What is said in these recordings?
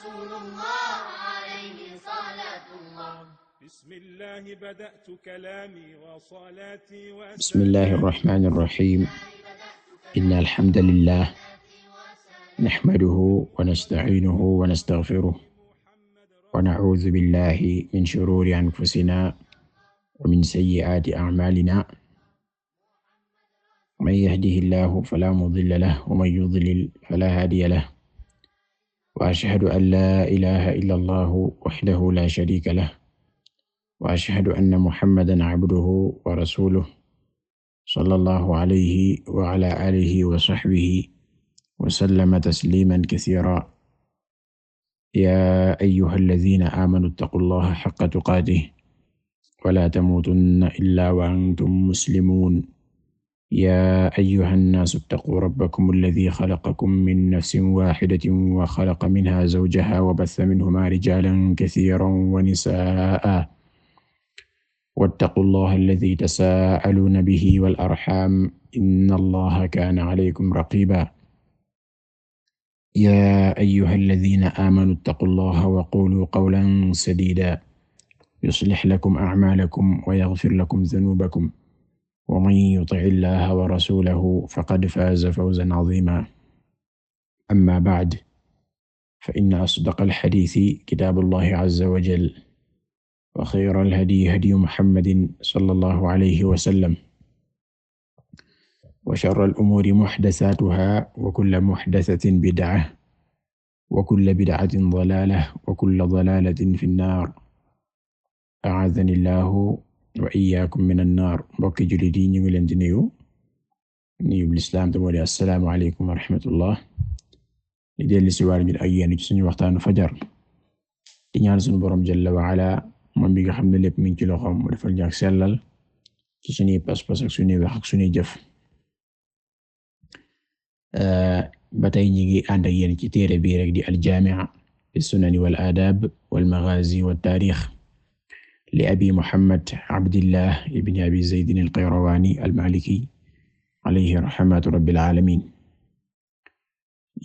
رسول الله عليه صلاة الله بسم الله بدأت كلامي وصلاتي بسم الله الرحمن الرحيم إن الحمد لله نحمده ونستعينه ونستغفره ونعوذ بالله من شرور أنفسنا ومن سيئات أعمالنا من يهده الله فلا مضل له ومن يضلل فلا هادي له wa ashhadu an laa ilaaha illa allahu wahdahu laa shariika lahu wa ashhadu anna muhammadan abduhu wa rasuluhu sallallahu alayhi wa ala aalihi wa sahbihi wa sallama tasliiman kasiiran yaa ayyuhal laziina aamanuu ittaqullaha haqqa tuqaatihi wa laa tamuutunna illaa wa antum muslimuun yaa ayyuha nnaasu ttaquu rabbakum alladii xalaqakum min nafsin waahidatin wa xalaqa minhaa zawjahaa wa bassa minhumaa rijaalan kasiiran wa nisaa'an wattaquu llaaha alladii tasaa'aluuna bihi wal arxaam inna llaaha kaana aleykum raqiibaa yaa ayyuha alladiina aamanuu ttaquu llaaha wa quuluu qawlan sadiidaa yuslih lakum acmaalakum wa yaghfir lakum dunuubakum ومن يطع الله ورسوله فقد فاز فوزا عظيما أما بعد فإن أصدق الحديث كتاب الله عز وجل وخير الهدي هدي محمد صلى الله عليه وسلم وشر الأمور محدثاتها وكل محدثة بدعة وكل بدعة ضلالة وكل ضلالة في النار أعاذني الله wa iyyaakum minan naar mbokki jullit yi ñu ngi leen di nuyu nuyu lislaam te moo di assalaamu aleykum wa li delli si waar ñu ak yéen ci suñu waxtaanu fajar di ñaan suñu borom jalla wa ala moom bi nga xam ne lépp mi ngi ci loxoom mu defal ñu ak sellal ci suñuy pas-pas ak suñuy wax ak suñuy jëf ba tey ñu ngi ànd ak ci téere bii rek di al jaami'a bis sunani wal aadaab wal maghaazi li abi muhammad abdillah ibn abi zaydin al-qayrawani al-maliki alayhi rahmatu alamin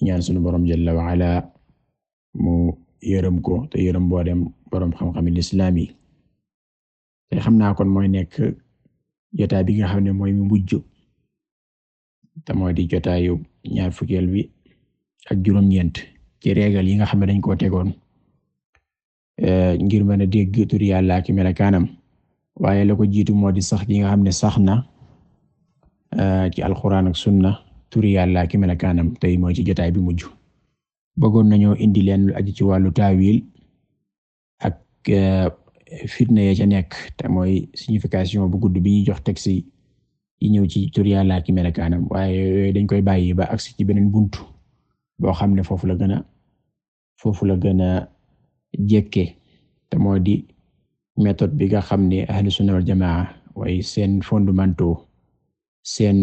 ñaan sunu borom jalla wa ala mu yërëm ko te yërëm boo dem borom xam-xam lislaam yi te xam naa kon mooy nekk jotaay bi nga xam ne mooy mu mujj te mooy di jotaayu ñaar fukkeel bi ak juróom-ñeent ci régal yi nga xam ne dañ koo tegoon. Eh, ngir mën a dégg tur yàlla ak melakaanam waaye la jiitu moo di sax gi nga xam ne sax na eh, ci alxuraan ak sunna tur yàlla ak melakaanam tey mooy ci jotaay bi mujj bëggoon nañoo indi leen lu ci wàllu taawil ak eh, fitna ya ca nekk te mooy signification bu gudd bi ñuy jox texte yi ñëw ci tur yàlla ak melakaanam waaye dañ koy bàyyi ba agsi ci beneen buntu boo xam ne foofu la gën jekke te moo di méthode bi nga xam ne ahlu sunna wal jamaa way seen fondamentaux seen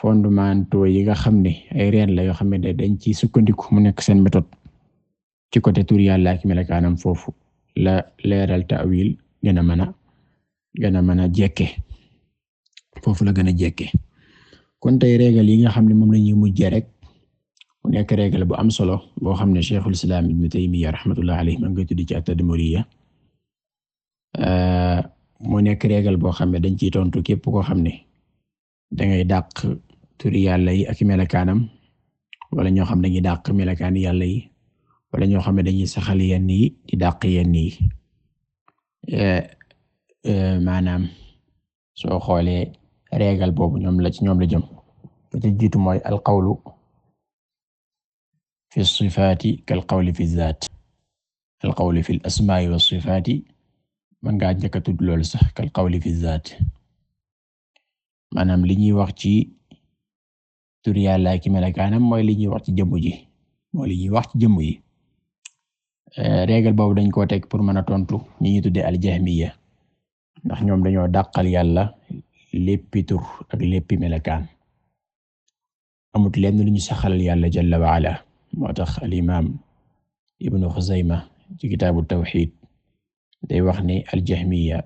fondemento yi nga xam ne ay reen la yoo xam ne dañ ci sukkandiku mu nekk seen méthode ci côté tur yàlla ak melakaanam foofu la leeral ta'wil gën a mën a gën a mën a jekke la gën a jekke kon tey régal yi nga xam ne moom la ñuy mujjee mu nekk règle bu am solo boo xam ne Cheikhul Islam Ibn Taymiyya rahmatullah alayhi ma ngi koy tuddi ci at-Tadmuriyya mu nekk règle boo xam ne dañ ciy tontu képp koo xam ne dangay dàq turi yàlla yi ak melakaanam wala ñoo xam ne dañuy dàq melakaani yàlla yi wala ñoo xam ne dañuy saxal yenn yi di dàq yenn yi maanaam soo xoolee règle boobu ñoom la ci ñoom la jëm ba ci jiitu al qawlu fi sifaati kal qawli fi zaat al qawli fi asmaai wa sifaati man ngaa njëkk a tudd loolu sax kal maanaam li ñuy wax ci tur Yàlla ki melakaanam mooy li ñuy wax ci jëmm ji mooy li ñuy wax ci jëmm yi eh, régal boobu dañ koo teg pour mën a tontu ñi ñu tuddee al jahmiya ndax ñoom dañoo dàqal Yàlla léppi tur ak léppi melakaan amut lenn lu ñu saxalal Yàlla jalla wa moo tax alimaam ibnu Xuzayma ci kitaabu tawxiid day wax ne aljahmiya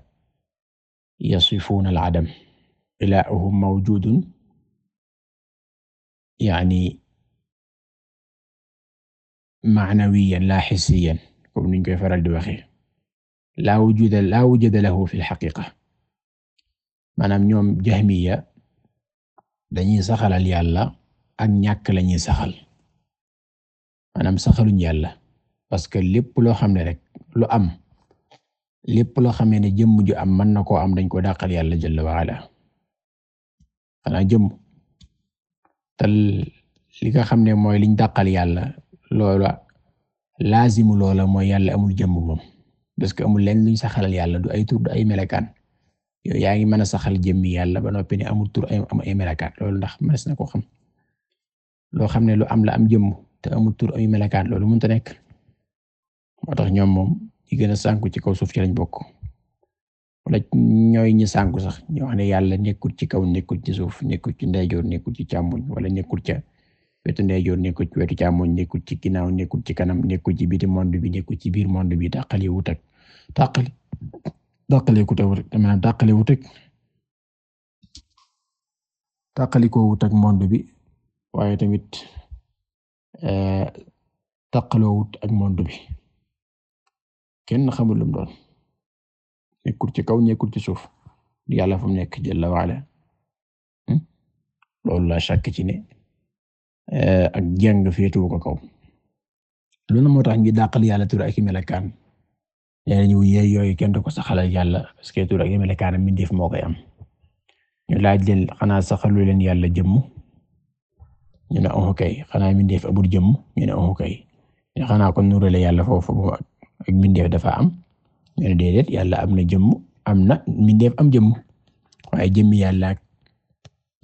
yasifuuna aladam ilaahuhum mawjuudun yaani maanawiyan laa hissiyan comme niñ koy faral di waxee laa wujuuda laa wujuuda lahu fi lxaqiqa maanaam ñoom jahmiya dañuy saxalal yàlla ak ñàkk lañuy saxal maanaam saxaluñ yàlla parce que lépp loo xam ne rek lu am lépp loo xamee ne jëmm ju am mën na koo am dañ ko dàqal yàlla jalla wa ala xanaa jëmm tal xam ne mooy liñ dàqal yàlla loola laazimu loola mooy yàlla amul jëmm moom parce que amul leen luñ saxalal yàlla du ay tur du ay melakaan yow yaa ngi mën a saxal jëmmi yàlla ba noppi ne amul tur am ay melakaan loolu ndax mënees na ko xam ne lu am la am jëmm te amul tur ay melakaat loolu mënta nekk moo tax ñoom moom ñi gën a sànku ci kaw suuf ci lañ bokk wala ñooy ñi sànku sax ñoo xam ne yàlla nekkul ci kaw nekkul ci suuf nekkul ci ndeyjoor nekkul ci càmmoñ wala nekkul ca wetu ndeyjoor nekkul ci wetu càmmoñ nekkul ci ginnaaw nekkul ci kanam nekkul ci biti monde bi nekkul ci biir monde bi dàqali wut ak dàqali dàqali ku tawut maanaam dàqali wut tamit. Eh, taqaloowut ak monde bi kenn xamul lum doon nekkul ci kaw nekkul ci suuf yàlla fu mu nekk jalla wa ala hmm? loolu la sàkk ci ne eh, ak jàng féetuwu ko kaw loolu moo tax ngi dàqal yàlla tur ak i melekaan ñeneen ñu yee yooyu kenn du ko saxalal yàlla parce que tur ak i melekaan mi def moo koy am ñu laaj leen xanaa saxalu leen yàlla jëmm. ñu ne oh kay xanaa mbindeef abul jëmm ñu ne oh kay xanaa kon nurale yàlla foofu ak mbindeef dafa am ñu ne déedéet yàlla am na jëmm am na mbindeef am jëmm waaye jëmmi yàlla ak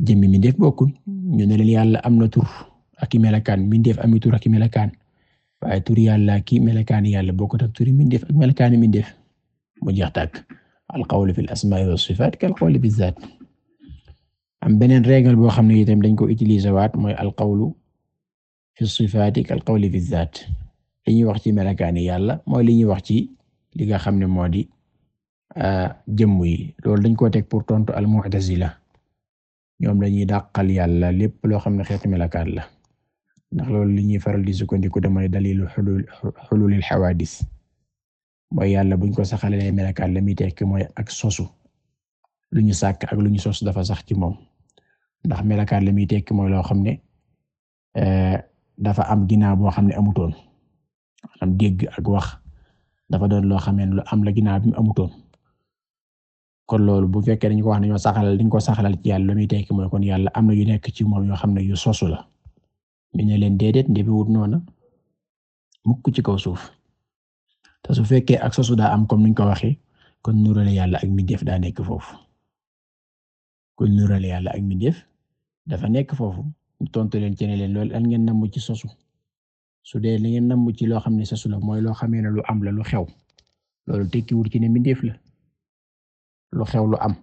jëmmi mbindeef bokkul ñu ne leen yàlla am na tur ak i melakaan mbindeef ami am ak i melakaan waaye tur yàlla ak i melakaan yàlla bokkut ak turi mbindeef ak melakaani mbindeef mu jeex tàkk al qawlu fil asmaa'i was sifaat kal qawli am beneen règle boo xam ne itam dañ ko utiliser waat mooy alqawlu fi sifaati kal fi zaat li ñuy wax ci melakaani yàlla mooy li ñuy wax ci li nga xam ne moo di euh, jëmm yi loolu dañ koo teg pour tontu al mu'tazila ñoom dañuy dàqal yàlla lépp loo xam ne xeetu melakaan la ndax loolu li ñuy faral di sukkandiku damay dalilu xulul xululil xawaadis mooy yàlla buñ ko saxalee melakaan la muy tekki mooy ak sosu lu ñu sàkk ak lu ñu sos dafa sax ci moom. ndax melokaan la mi tekki mooy loo xam ne eh, dafa am ginnaaw boo xam ne amutoon am dégg ak wax dafa doon loo xam ne am la ginnaaw bi mu amutoon kon loolu bu fekkee dañu ko wax ne ñoo saxalal ko saxalal ci yàlla lu muy tekki mooy kon yàlla am na yu nekk ci moom yoo xam ne yu sosu la mi ne leen déedéet ndebe wut noona mukk ci kaw suuf te su fekkee ak sosu daa am comme niñ ko waxee kon nurale yàlla ak mi def daa nekk foofu kon nurale yàlla ak mi def dafa nekk foofu tontu leen ci ne leen loolu ngeen namm ci soosu su dee li ngeen namm ci loo xam ne sosu mooy loo xamee ne lu am la lu xew loolu tekkiwul ci ne mbindeef la lu xew lu am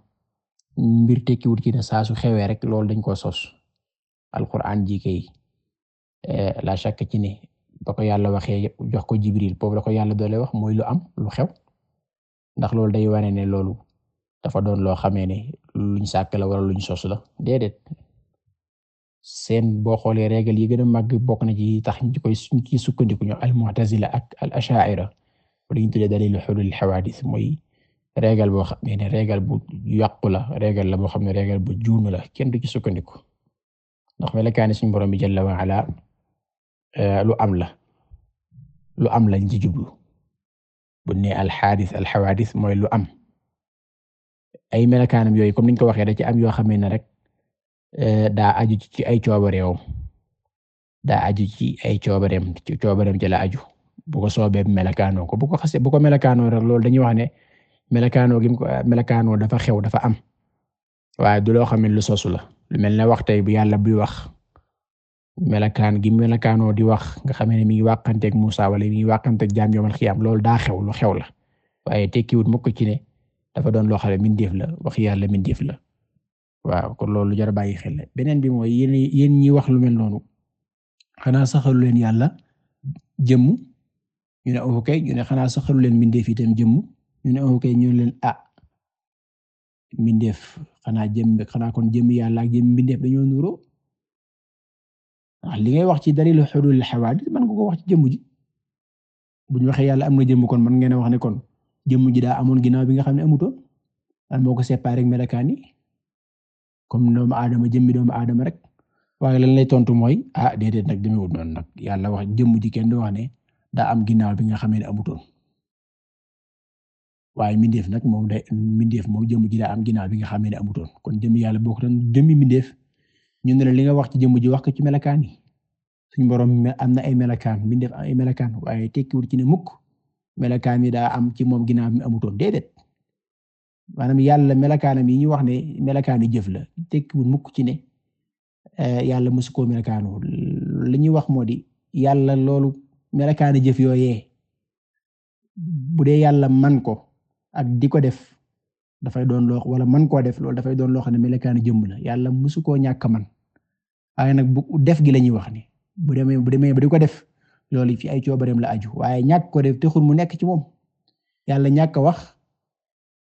mbir tekkiwul ci ne saa su xewee rek loolu dañ ko sos alquran ji kay eh, la shakk ci ne ba ko yàlla waxee jox ko jibril boobu la ko yàlla doole wax mooy lu am lu xew ndax loolu day wane ne loolu dafa doon loo xamee ne luñ sàkk la wala luñ sos la déedéet seen boo xoolee règle yi gën a màgg bokk na ci tax ñu koy ci sukkandiku ñu al-Mu'tazila ak al-Ash'ira li ñu tuddee dalil hulul hawadis mooy règle boo xam ne règle bu yàqu la la boo xam ne règle bu juunu la kenn du ci sukkandiku ndax melakaani suñu borom bi jalla wa ala euh, lu am la lu am la ci jublu bu ne al-hadis al-hawadis mooy lu am ay melakaanam yooyu comme niñ ko waxee da ci am yoo xam ne rek. Eh, daa aju ci ay coobareem daa aju ci ay coobareem ci coobareem ci la aju bu ko soobee ko bu ko xasee bu ko melakaanoo rek loolu dañuy wax ne melakaanoo gi ko melakaanoo dafa xew dafa am waaye du loo xam ne lu sosu la lu mel ne wax tey bu yàlla buy wax melakaan gi melakaanoo di wax nga xam ne mi ngi wàqanteeg Musaa wala mi ngi wàqanteeg jaam yomal xiyaam loolu daa xew lu xew la waaye tekkiwut mukk ci ne dafa doon loo xam mi mindeef la wax yàlla mindeef la. waaw kon loolu jar bàyyi xel beneen bi mooy yéen yéen ñi wax lu mel noonu xanaa saxalu leen yàlla jëmm ñu ne ok ñu ne xanaa saxalu leen mbindeef itam jëmm ñu ne ok leen ah mbindeef xanaa jëmm xanaa kon jëmm yàlla ak jëmm mbindeef dañoo nuro li ngay wax ci dalilu xudul xawaadis man nga ko wax ci jëmm ji bu ñu waxee yàlla am na jëmm kon man ngeen wax ne jëmm ji daa amoon ginnaaw bi nga xam ne amuto lan moo ko séparé ak melokaan yi comme doomu aadama jëmmi doomu aadama rek waaye lan lay tontu mooy ah nag demeewul nag yàlla wax jëmm ji kenn du wax ne daa am ginnaaw bi nga xamee ne amutoon waaye mindeef nag moom day mindeef moom jëmm ji daa am ginnaaw bi nga xamee ne amutoon kon jëmm yàlla boo ko doon jëmmi mindeef ñu ne la li nga wax ci jëmm ji wax ko ci melakaan yi suñu borom am na ay melakaan mindeef am ay melakaan waaye tekkiwul ci ne mukk melakaan yi daa am ci moom ginnaaw bi amutoon déedéet yàlla melakaanam yi ñu wax ne melakaani jëf la tekkiwul mukk ci ne eh, yàlla mësu koo melakaanoo li ñuy wax moo di yàlla loolu melakaani jëf yooyee bu dee yàlla man ko ak di ko def dafay doon lox wala man koo def loolu dafay doon loo xam ne melakaani jëmm la yàlla mësu koo ñàkk man waaye nag bu def gi la ñuy wax ni bu demee bu demee ba di ko def loolu ay coobareem la aju waaye ñàkk ko def texul mu nekk ci moom yàlla ñàkk a wax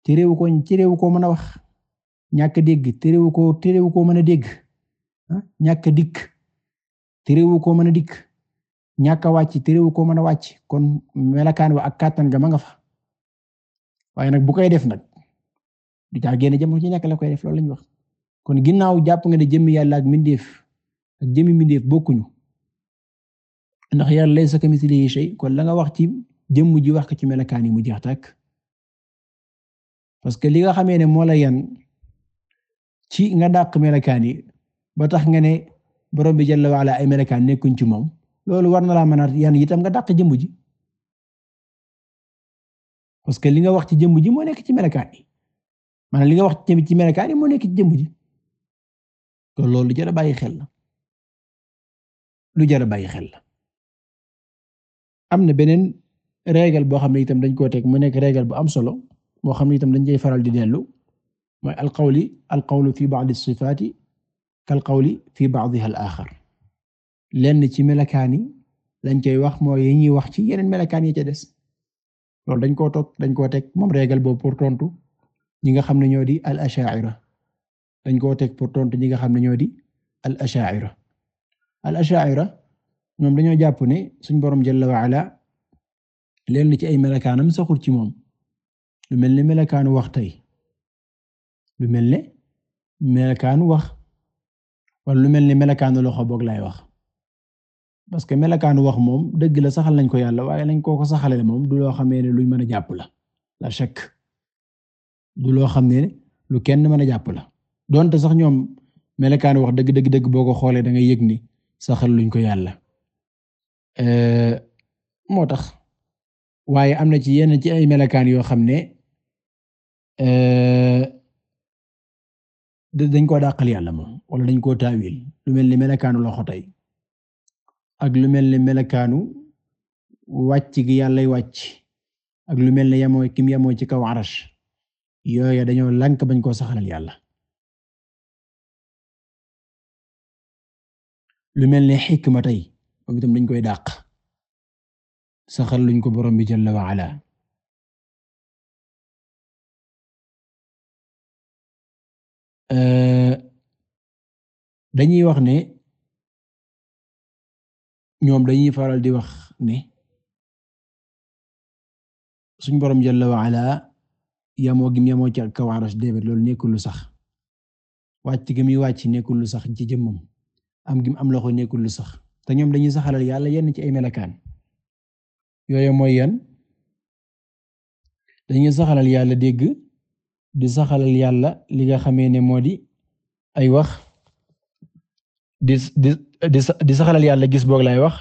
ci réew ko ci mën a wax ñàkk dégg terewu ko terewu ko mën a dégg ah, ñàkk dikk terewu ko mën a dikk ñàkk a wàcc terewu ko mën a wàcc kon melakaan wa ak kàttan ga ma nga fa waaye nag bu koy def nag du caa génn jam ci nekk la koy def loolu lañu wax kon ginnaaw jàpp nga ne jëmmi yàlla ak mindeef ak jëmmi mindeef bokkuñu ndax yàlla laysa kamithlihi shay kon la nga wax ci jëmm ji wax ko ci melakaan yi mu jeex tàkk parce que li nga xamee ne moo la yan ci nga dàq melakaan yi ba tax nga ne borom bi jalla waala ay melakaan nekkuñ ci moom loolu war na laa mën a yan itam nga dàq jëmb ji parce que li nga wax ci jëmb ji moo nekk ci melakaan maanaam li nga wax ci melakaan yi moo nekk ci jëmb ji kon loolu lu a bàyyi xel la lu jar a bàyyi xel la am na beneen règle boo xam ne itam dañ koo teg mu nekk règle bu am solo boo xam ne itam dañ cey faral di dellu mooy alqawli alqawlu fi ba'di sifaati kalqawli fi ba'diha al-axar lenn ci melakaani lañ koy wax mooy yi ñuy wax ci yeneen melakaan yi ca des loolu dañ koo toog dañ koo teg moom régal boobu pour tontu ñi nga xam ne ñoo di al ashaira dañ koo teg pour tontu ñi nga xam ne ñoo di al ashaira al ashaira ñoom dañoo jàpp ne suñ borom jalla wa lenn ci ay melakaanam saxul ci moom lu mel ni melakaanu wax tey lu mel ne melakaanu wax wala lu mel ne melakaanu loxo boog laay wax parce que melakaanu wax moom dëgg la saxal nañ ko yàlla waaye nañ koo ko saxalee moom du loo xamee ne luñ mën a jàpp la la du loo xam ne lu kenn mën a jàpp la donte sax ñoom melakaanu wax dëgg dëgg boo ko xoolee da ngay yëg ni saxal luñ ko yàlla moo tax waaye am na ci yenn ci ay melakaan yoo xam ne. dañ koo dàqal yàlla moom wala dañ koo taawil lu mel ni melekaanu loxo tey ak lu mel ni melakaanu wàcc gi yàllay wàcc ak lu mel ne yamoo kim yamoo ci kaw arash yooya dañoo lànk bañ koo saxalal yàlla lu mel ne xikma tey moom itam dañ koy dàq saxal luñ ko borom bi jalla wa Euh, dañuy wax ne ñoom dañuy faral di wax ne suñ borom jalla wa ala yamoo gim yamoo ci kaw arash déedéet loolu nekkul sax wàcc gi muy wàcc nekkul lu sax ci jëmmam am gim am loxo nekkul lu sax te ñoom dañuy saxalal yàlla yenn ci ay melakaan yooyu mooy yan saxalal yàlla dégg. di saxalal yàlla li nga xamee ne moo di ay wax di di saxalal yàlla gis boog lay wax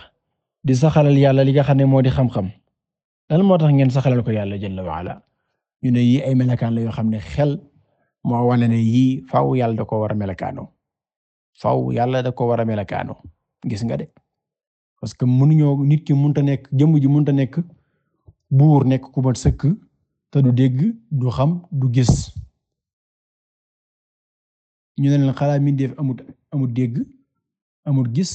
di saxalal yàlla li nga xam ne moo di xam-xam lan moo tax ngeen saxalal ko yàlla jalla wa ala ñu ne yii ay melakaan la yoo xam ne xel moo wane ne yii faw yàlla da ko war a melakaanoo faaw yàlla da ko war a melakaanoo gis nga de parce que mënuñoo nit ki mënut a nekk jëmm ji mënut a nekk buur nekk ku sëkk. te du dégg du xam du gis ñu ne leen xalaa mindeef amut amut dégg amut gis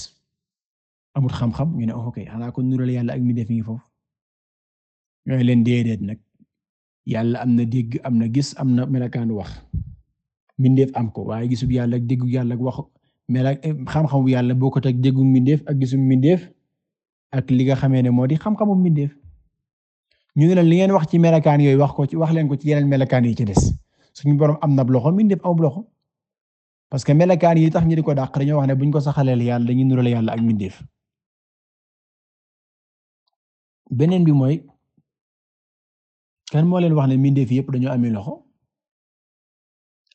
amut xam-xam ñu ne oh, ok xanaa kon nurale yàlla ak mindeef ngi foofu ñooy leen déedéet nag yàlla am na dégg am na gis am na nu wax mindeef am ko waaye gisub yàlla ak déggu yàlla ak wax mela eh, xam-xamu yàlla bokkut ak déggu mindeef ak gisub mindeef ak li nga xamee ne moo di xam-xamu mindeef ñu ngi leen li ngeen wax ci melakaan yooyu wax ci wax leen ko ci yeneen yi ci des suñu borom am na loxo min loxo parce que melakaan yi tax ñu di ko dàq dañoo wax buñ ko saxaleel yàlla dañuy nurale yàlla ak mindeef beneen bi mooy kan moo leen wax ne mindeef yëpp dañoo amee loxo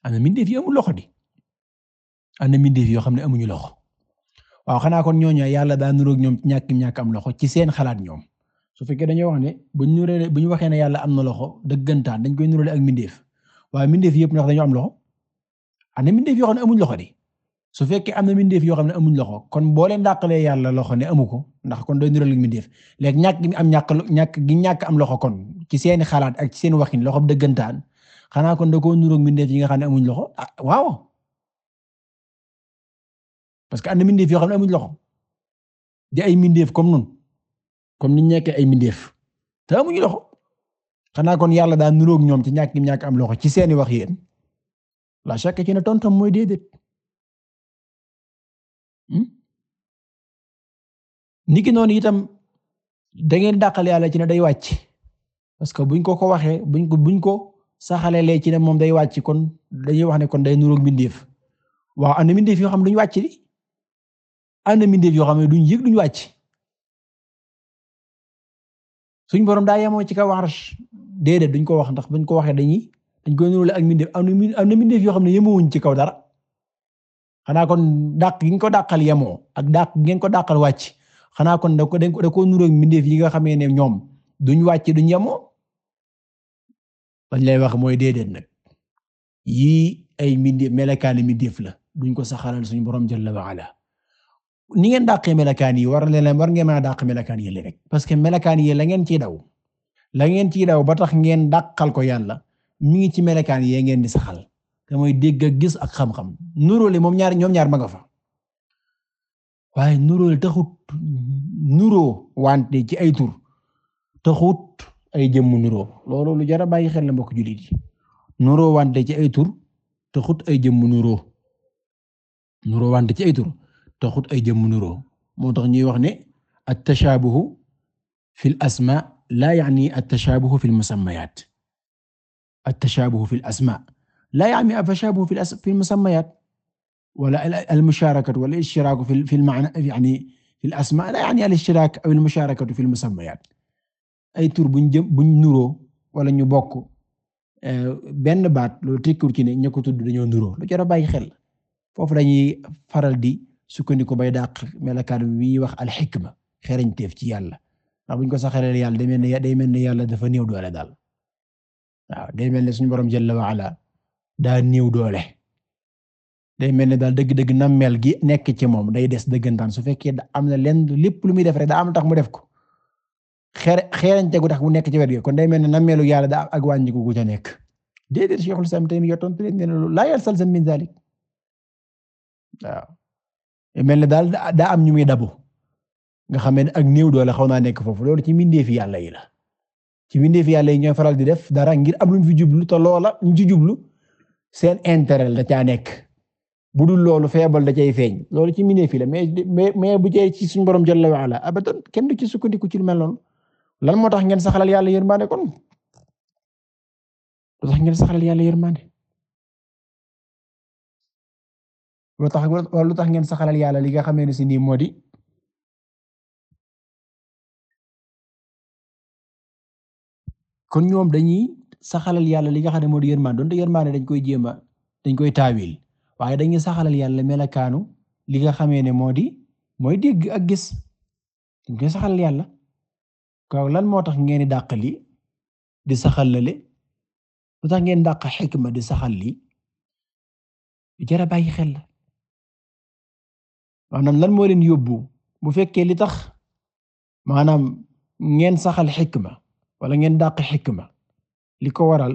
am na mindeef yi amul loxo di am na mindeef yoo xam ne amuñu loxo waaw xanaa kon ñooñu yàlla daa nurook ñoom ñàkk ñàkk am loxo ci seen xalaat ñoom. su fekkee dañoo wax ne bu ñu nuree bu ñu waxee ne yàlla am na loxo dëggantaan dañ koy nurale ak mindeef waaye mindeef yëpp ndax dañoo am loxo am na mindeef yoo xam ne di su fekkee am na mindeef yoo xam ne amuñ loxo kon boo leen dàqalee yàlla loxo ne amu ko ndax day nurale ak mindeef léegi ñàkk gi am ñàkk ñàkk gi ñàkk am loxo kon ci seeni xalaat ak ci seen waxin loxo dëggantaan xanaa kon koo nuroog mindeef yi nga xam ne amuñ loxo ah parce que am na mindeef yoo xam ne amuñ loxo di ay mindeef comme noonu comme ni ñu ay mindeef te ñu loxo xanaa kon yàlla daa nuroog ñoom ci ñàkk ñàkk am loxo ci seeni wax yéen la chaque ci ne tontam mooy déedéet. Hmm? niki noonu itam da ngeen dàqal yàlla ci na day wàcc parce que buñ ko ko waxee buñ ko buñ ko saxalelee ci ne moom day wàcc kon dañuy wax ne kon day nuroog mindeef waaw am na mindeef yoo xam ne duñ wàcc di am na mindeef yoo xam ne duñ yëg duñ wàcc. suñ borom daa yemoo ci kaw arsh déedéet duñ ko wax ndax buñ ko waxee dañuy dañ koy nuróole ak mindeef am na mindeef yoo xam ne yemowuñ ci kaw dara xanaa kon dàq gi nga ko dàqal yemoo ak dàq gi ngeen ko dàqal wàcc xanaa kon da ko da koo nuróo ak mindeef yi nga xamee ne ñoom duñ wàcc duñ yemoo lañ lay wax mooy déedéet nag yii ay mindeef melakaani mindeef la duñ ko saxalal suñu borom jalla wa ala ni ngeen dàqee melakaan yi war leen war ngeen mën a dàq melakaan yi rek parce que melakaan yi la ngeen ciy daw la ngeen ciy daw ba tax ngeen dàqal ko la mi ngi ci melakaan yee ngeen di saxal te mooy dégg ak gis ak xam-xam nuróole moom ñaar ñoom ñaar ma nga fa waaye nuróole taxut nuroo wante ci ay tur taxut ay jëmm nuroo loolu lu jar a bàyyi xel la mbokk jullit yi nuroo wante ci ay tur taxut ay jëmm nuroo nuroo wante ci ay taxut ay jëmm nuroo moo tax ñuy wax ne at-tashabuhu fil asma laa yaani at-tashabuhu fil musammayat at-tashabuhu fil asma laa yaani at-tashabuhu fil musammayat wala al wala al-ishtiraku fil ma'na yaani fil asma laa yaani aw al-musharakatu fil ay tur buñ jëm buñ nuroo wala ñu bokk eh, benn baat loolu tekkiwul ci ne ña ko tudd dañoo nuroo lu jar a bàyyi xel foofu faral di sukkandiku bay dàq melakaan wi wax alxikma xereñteef ci yàlla ndax buñ ko saxalee yàlla day mel ne day mel ne yàlla dafa néew doole daal day mel ne suñu borom jalla wa ala néew doole day mel ne daal dëgg-dëgg nammeel gi nekk ci moom day des dëggantaan su fekkee da am na lenn lépp lu muy def rek daa am tax mu def ko xeer xeerañte gu tax mu nekk ci wet gi kon day mel ne nammeelu yàlla daa ak wàññiku ku ca nekk déedéet Cheikhul Islam Taymiyya yottoon te ne laa yalzam min zalik waaw Eh, mel ne daal daa am ñu muy dabu nga xam ne ak néew doole xaw naa nekk foofu loolu ci mbindeef yàlla yi la ci mbindeef yàlla yi ñooy faral di def dara ngir am luñ fi jublu te loola ñu jublu seen intérêt la caa nekk bu du loolu feebal da cay feeñ loolu ci mbindeef yi la mais mais bu cee ci suñu borom jalla waala abadan kenn du ci sukkandiku ci lu mel noonu lan moo tax ngeen saxalal yàlla yërmande kon lu tax ngeen saxalal yàlla yërmande lu tax lu tax ngeen saxalal yàlla li nga xamee ne si nii moo di kon ñoom dañuy saxalal yàlla li nga xam ne moo di yërmaan donte yërmaane dañ koy jéem dañ koy taawil waaye dañuy saxalal yàlla melakaanu li nga xamee ne moo di mooy dégg ak gis dañ koy saxalal yàlla kaw lan moo tax ngeen di dàq li di saxalale lu tax ngeen dàq ma di saxal li jara xel maanaam lan moo leen yóbbu bu fekkee li tax maanaam ngeen saxal xikma wala ngeen dàq xikma li ko waral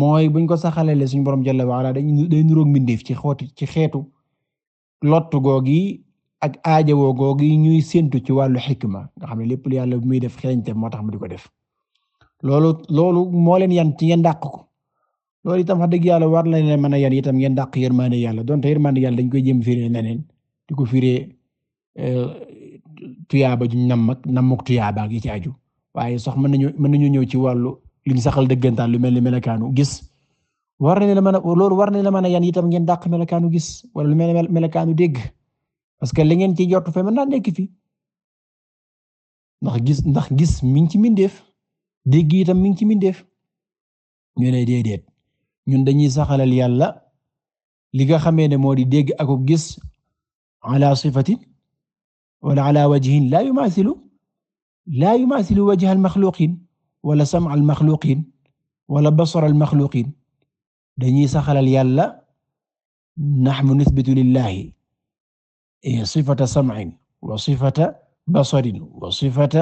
mooy buñ ko saxalee suñ borom jalla wa ala day mi mbindeef ci xooti ci xeetu lottu googi ak aajawoo googi ñuy seentu ci wàllu xikma nga xam ne lépp lu yàlla bu muy def xeeñte moo tax mu di ko def loolu loolu leen yan ci ngeen dàq ko loolu itam wax dëgg yàlla war na leen mën a yan itam ngeen dàq yërmande yàlla donte yërmande yàlla dañ koy jëm firi neneen di ko firee eh, tuyaaba ju nam ak namuk tuyaaba ak yi waaye sax mën nañu mën nañu ñëw ci wàllu liñ saxal dëggantaan lu mel ni melakaanu gis war nañ la mën a loolu war nañ la mën a yan itam ngeen dàq melakaanu gis wala lu mel melakaanu dégg parce que li ngeen ci jot fa mën naa nekk fi ndax gis ndax gis mi ngi ci mindeef dégg itam mi ngi ci mindeef ñu ne ñun dañuy saxalal yàlla li xamee ne moo di dégg gis ala sifatin wala ala wajhin laa yumaasilu laa yumaasilu wajha almaxluqin wala sam'a almaxluqin wala basara almaxluqin dañuy saxalal yàlla naxnu nusbitu lillahi sifata sam'in wa sifata basarin wa sifata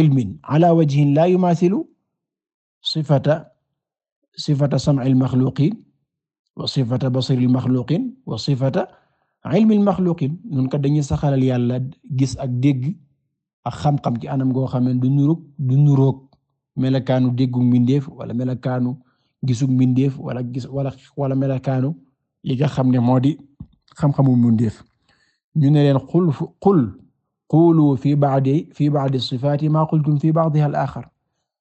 ilmin ala wajhin laa yumaasilu sifata sifata sam'i almaxluqin wa sifata basari almaxluqin wa sifata ilmil maxluqin nun kat dañuy saxalal yàlla gis ak dégg a xam-xam ci anam goo xam ne du nuroog du nuroog melakaanu déggu mbindeef wala melakaanu gisu mbindeef wala gis wala wala melakaanu li nga xam ne moo di xam-xamu mbindeef ñu ne leen qul qul qulu fi ba'di fi ba'di sifaati ma qultum fi ba'diha al-axar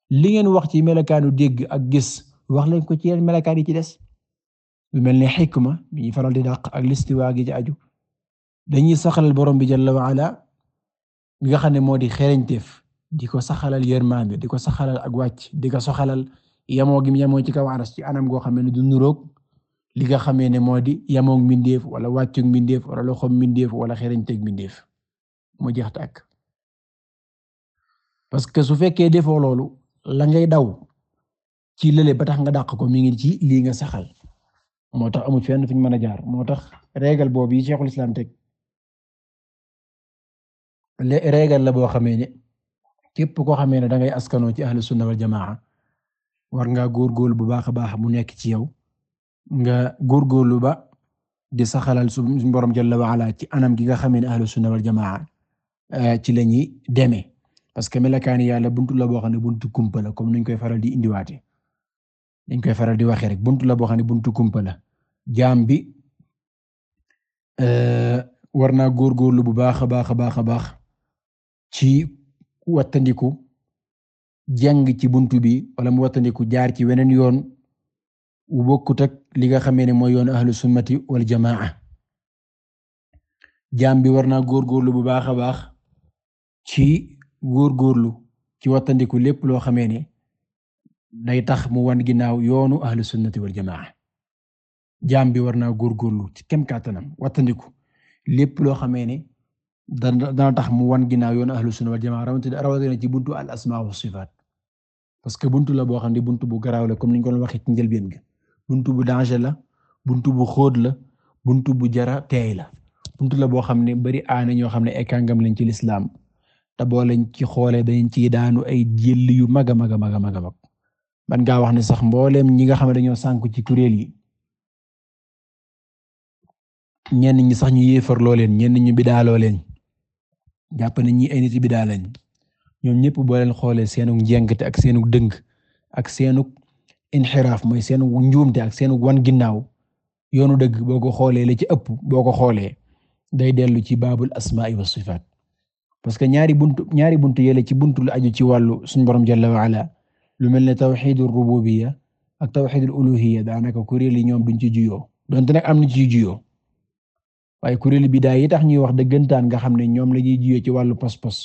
li ngeen wax ci melakaanu dégg ak gis wax leen ko ci yeneen melakaan yi ci des lu mel ni ma bi ñuy faral di dàq ak listiwaa gi ci aju dañuy saxalal borom bi jalla wa ala mi nga xam ne moo di xereñteef di ko saxalal yërmande di ko saxalal ak wàcc di ko soxalal yamoo gi ci kaw ci anam goo xam ne du nuroog li nga xamee ne moo di yamoog mbindeef wala wàccug mbindeef wala loxoom mbindeef wala xereñteeg mbindeef mu jeex tàkk parce que su fekkee defoo loolu la ngay daw ci lële ba nga dàq ko mi ngi ci lii nga saxal. moo tax amul fenn fu ñu mën a jaar moo tax régal boobu yi Cheikhul Islam teg régal la boo xamee ne képp koo xamee ne dangay ngay askanoo ci ahlu sunna wal jamaa war ngaa góorgóorlu bu baax a baax mu nekk ci yow nga góorgóorlu ba di saxalal suñu borom jalla wa ala ci anam gi nga xamee ne ahlu sunna wal jamaa eh, ci la ñuy demee parce que melokaani yàlla buntu la boo xam ne buntu kumpa la comme niñ koy faral di indiwaatee. dañ koy faral di waxee rek buntu la boo xam ne buntu kumpala la jaam bi euh, war naa góorgóorlu bu baax a baax a baax a baax ci wattandiku jàng ci buntu bi wala mu wattandiku jaar ci weneen yoon wu bokkut ak li nga xamee ne mooy yoon ahlu sunnati wala jamaa jaam bi war naa góorgóorlu bu baax a baax ci góorgóorlu ci wattandiku lépp loo xamee ne day tax mu wan ginnaaw yoonu ahlu sunnati wal jamaa jaam bi war naa góorgóorlu ci kem kàttanam wattandiku lépp loo xamee ne dana tax mu wan ginnaaw yoonu ahlu sunna wal jamaa rawatina ci buntu al asmaa wa sifaat parce que buntu la boo xam ne buntu bu garaaw la comme niñ ko doon waxee ci njëlbeen ga buntu bu danger la buntu bu xóot la buntu bu jara teey la buntu la boo xam ne bari aana ñoo xam ne ay kàngam lañ ci lislaam te boo lañ ci xoolee dañ ci daanu ay jëll yu mag a mag mag a mag a mag man ngaa wax ne sax mbooleem ñi nga xam ne dañoo sànku ci kuréel yi ñenn ñi sax ñu yéefarloo leen ñenn ñu bidaaloo leen jàpp ne ñi ay nit yi bidaa lañ ñoom ñëpp boo leen xoolee seenu njëngte ak seenu dëng ak seenu inxiraaf mooy seenu njuumte ak seenu wan ginnaaw yoonu dëgg boo ko xoolee la ci ëpp boo ko xoolee day dellu ci baabul asmaa'i wa sifaat parce que ñaari buntu ñaari buntu yële ci buntu lu aju ci wàllu suñu borom jalla wa lu mel ne tawxiidul rububiyya ak tawxiidul uluhiyya daanaka kuréel yi ñoom duñ ci juyoo donte am na ci juyoo waaye kuréel bidaa yi tax ñuy wax dëggantaan nga xam ne ñoom la ñuy juyoo ci wàllu pos-pos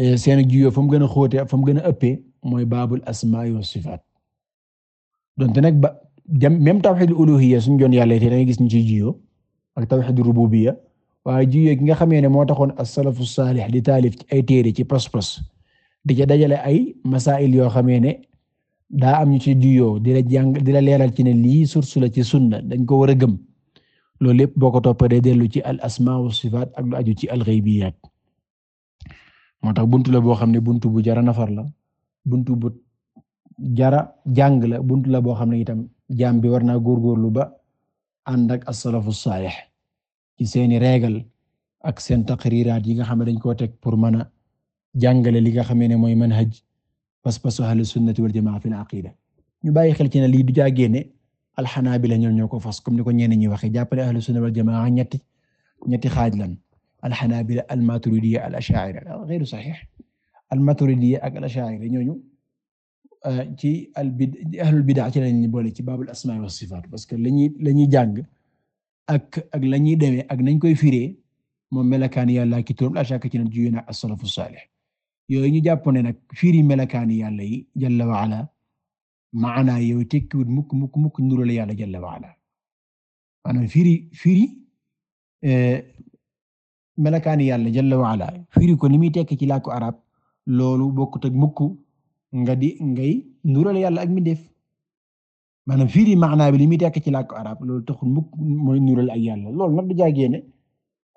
eh, seen juyoo fa mu gën a xóote fa mu gën a ëppee mooy baabul asmaa wa sifaat donte nag ba même tawxiidul uluhiyya suñu joon yàlla te dangay gis ñu ci juyoo ak tawxiidul rububiyya waaye juyoo gi nga xamee ne moo taxoon as-salafu saalih di taalif ci ay téere ci pos di ca dajale ay masail yoo xamee ne daa am ñu ci juyoo di la jàng di la leeral ci ne lii source la ci sunna dañ ko war a gëm loolu lépp boo ko toppee day dellu ci al asma wa sifaat ak lu aju ci al ghaybiyaat moo tax buntu la boo xam ne buntu bu jara nafar la buntu bu jara jàng la buntu la boo xam ne itam jaam bi war naa góorgóorlu ba ànd ak as-salafu saalih ci seeni reegal ak seen taqriraat yi nga xam ne dañ koo teg pour mën a jàngale li nga xamee ne mooy manhaj pas-pasu ahlu sunnati wal jamaa fil aqida ñu bàyyi xel ci ne lii du caa génne alxanaabila ñoom ñoo ko fas comme ni ko ñenn ñi waxee jàppale ahlu sunna wal jamaa ñetti ñetti xaaj lan alxanaabila almaturidiya al ashaira ghayru saxiix almaturidiya ak al ashaira ñooñu euh, ci al bid ahlul bidaa ci lañuy boole ci baabul asmaa wa sifaat parce que lañuy lañuy jàng ak ak la ñuy demee ak nañ koy fire moom melakaan yàlla ki turam la shakka ci na juyu na as-salafu saalih yooyu ñu jàpp ne nag firi melakaani yàlla yi jalla waala maanaa yow tekkiwut mukk mukk mukk nurale yàlla jalla waala maanaam firi firi eh, melakaani yàlla jalla waala firi ko ni muy tekki ci làkku arab loolu bokkut ak nga di ngay nurale yàlla ak mi def maanaam firi maanaa bi li muy tekki ci làkku arab loolu taxul mukk mooy nurale ak yàlla loolu nag du jaagee ne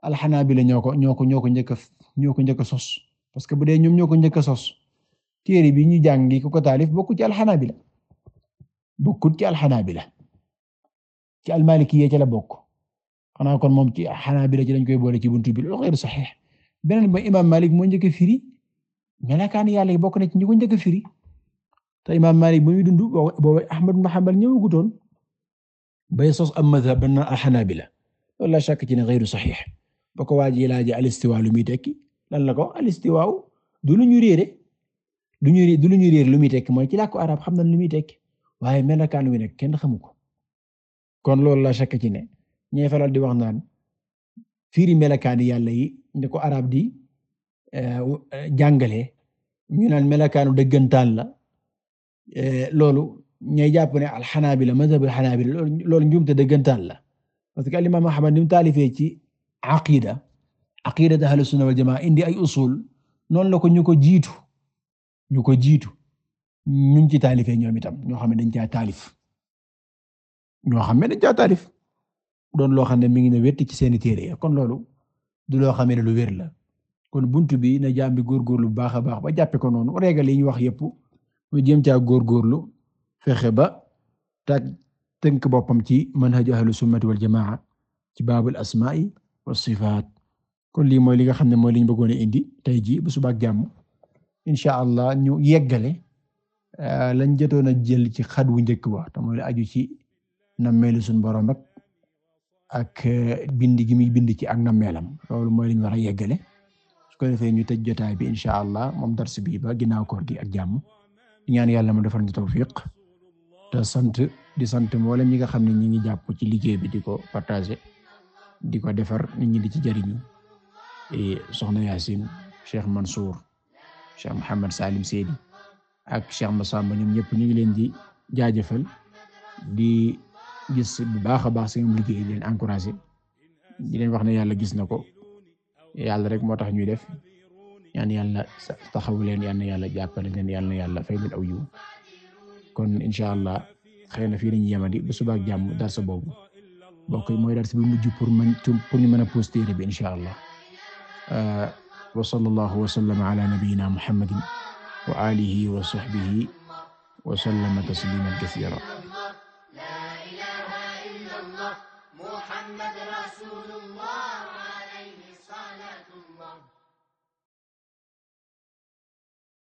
alxanaabila ñoo ko ñoo ko ñoo ko njëkk a ñoo ko sos parce que bu dee ñoom ñoo ko njëkk a sos téere bi ñu jàngi ku ko taalif bokkut ci alxanaabila bokkut ci alxanaabila ci almalikiyya ci la bokk xanaa kon moom ci xanaabila ci lañ koy boole ci buntu bi loolu xëy saxiix beneen mooy imaam Malik moo njëkk a firi melakaan yàlla yi bokk na ci ñi ko njëkk a firi te imaam Malik booba Ahmad ibn Hanbal ñëwagutoon bay sos am madhab na alxanaabila loolu shakk ci ne xëy saxiix ba ko waajee laajee tekki lan la ko al istiwaaw du lu ñu réere du ñu du lu ñu réere lu muy tekki mooy ci làkku arab xam na lu muy tekki waaye melokaan wi nag kenn xamu ko kon loolu la chaque ci ne ñee faral di wax naan fiiri melokaan yi yàlla yi ne ko arab di eh, eh, jàngale ñu naan melokaanu dëggantaan la eh, loolu ñay jàpp ne alxanaabila mazhabul xanaabila loolu njumte dëggantaan la parce que al imam Ahmad ni mu taalifee ci aqida aqidat ahlu sunna wal jamaa indi ay usul noonu la ko ñu ko jiitu ñu ko jiitu ñu ci taalifee ñoom itam ñoo xam ne dañ caa taalif xam ne dañ doon loo xam ne mi ngi ne wett ci seeni téere kon loolu du loo xamee ne lu wér la kon buntu bi na jaam bi góorgóorlu bu baax a baax ba jàppe ko noonu régal yi ñu wax yépp mu jëm caa góorgóorlu fexe ba tak tënk boppam ci manhaj ahlu sunnati wal jamaa ci baabul asmaa'i was kon lii mooy li nga xam ne mooy li ñu bëggoon indi tey jii bu subaa jàmm incha allah ñu yeggale euh, lañ jotoon a jël ci xad wu njëkk ba te aju ci nammeelu suñu borom ak ak euh, bind gi bind ci ak nammeelam loolu mooy li ñu war a yeggale su ko defee ñu tëj jotaay bi incha allah moom dars bi ba ginnaaw koor gi ak jàmm ñaan yàlla mu defal ñu tawfiq te sant di sant mboolem ñi nga xam ne ñi ngi jàpp ci liggéey bi di ko partager di ko defar nit ñi di ci jariñu E, soxna Yaasin Cheikh Mansour Cheikh Mouhamed Salim Seydi ak Cheikh Massamba ñoom ñëpp ñu ngi leen di jaajëfal di gis bu baax a baax seen liggéey di leen encouragé wax ne yàlla gis na ko yàlla rek moo tax ñuy def yaan yàlla taxawu leen yaan yàlla jàppale leen yaan yàlla fay leen aw yiw kon incha allah xëy na fii dañuy yemandi ba suba ak jàmm darsa boobu mbokk yi mooy darsa bi mujj pour mën pour ñu mën a posté bi allah. wa sallallahu wa sallama ala nabiyyina muhammadin wa alihi wa sahbihi wa sallama tasliman kasiira